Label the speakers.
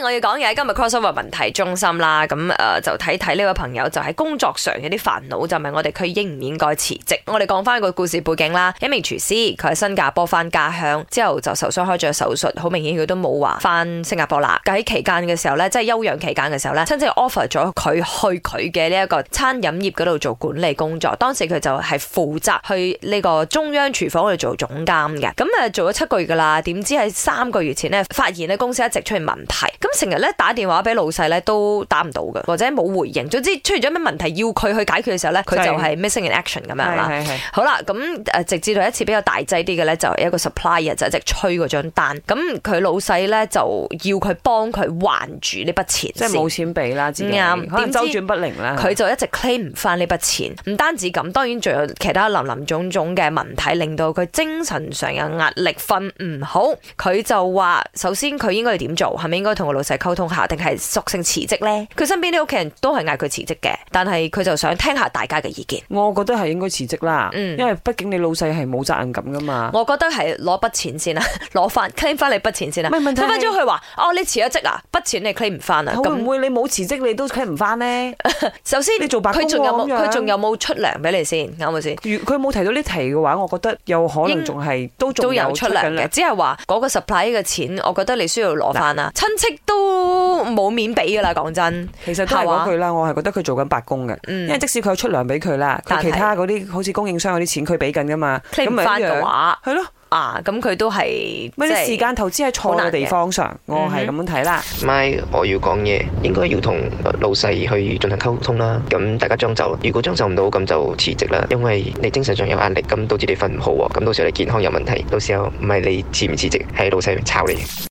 Speaker 1: 當然，我要講嘢喺今日 Crossover 問題中心啦，咁誒就睇睇呢位朋友就喺工作上有啲煩惱，就問我哋佢應唔應該辭職。我哋講翻個故事背景啦，一名廚師佢喺新加坡翻家鄉之後就受傷開咗手術，好明顯佢都冇話翻新加坡啦。喺期間嘅時候咧，即係休養期間嘅時候咧，親戚 offer 咗佢去佢嘅呢一個餐飲業嗰度做管理工作。當時佢就係負責去呢個中央廚房嗰度做總監嘅。咁誒做咗七個月噶啦，點知喺三個月前咧發現咧公司一直出現問題。咁成日咧打電話俾老細咧都打唔到嘅，或者冇回應。總之出現咗咩問題要佢去解決嘅時候咧，佢就係 missing in action 咁樣啦。係係係。好啦，咁直至到一次比較大劑啲嘅咧，就係，一個 supplier 就一直催嗰張單。咁佢老細咧就要佢幫佢還住呢筆錢。即係冇錢俾啦，自己點、嗯、周轉不靈啦。佢就一直 claim 唔翻呢筆錢。唔單止咁，當然仲有其他林林種種嘅問題，令到佢精神上有壓力，瞓唔好。佢就話：首先佢應該要點做？係咪應該同，老細溝通下，定係索性辭職咧？佢身邊啲屋企人都係嗌佢辭職嘅，但係佢就想聽下大家嘅意見。我覺得係應該辭職啦，嗯，因為畢竟你老細係冇責
Speaker 2: 任感噶嘛。
Speaker 1: 我覺得係攞筆錢先啦，啊，攞翻 claim 翻你筆錢先啦，啊。唔係問題，分分鐘佢話哦，你辭咗職啊，筆錢你 claim 唔翻啊？咁唔會，會
Speaker 2: 你冇辭職你都 claim 唔翻咩？
Speaker 1: 首先你做白工，啊，佢仲有佢仲有冇出糧俾你先？啱咪先？佢冇提到呢題嘅話，我覺得有可能仲係都都有出糧嘅，只係話嗰個 supply 嘅錢，我覺得你需要攞翻啦。親戚。冇面俾噶啦，講真，其實都係講佢
Speaker 2: 啦。我係覺得佢做緊白工嘅，因為即使佢有出糧俾佢啦，佢其他嗰啲好似供應商嗰啲錢，佢俾緊噶嘛。咁樣嘅話，
Speaker 1: 係咯啊，咁
Speaker 2: 佢都係，即係時間投資喺錯嘅地方上，我係咁樣睇啦。
Speaker 1: 咪，我要講嘢，應該要同老細去進行溝通啦。咁大家將就，如果將就唔到，咁就辭職啦。因為你精神上有壓力，咁導致你瞓唔好喎。咁到時候你健康有問題，到時候唔係你辭唔辭職，係老細炒你。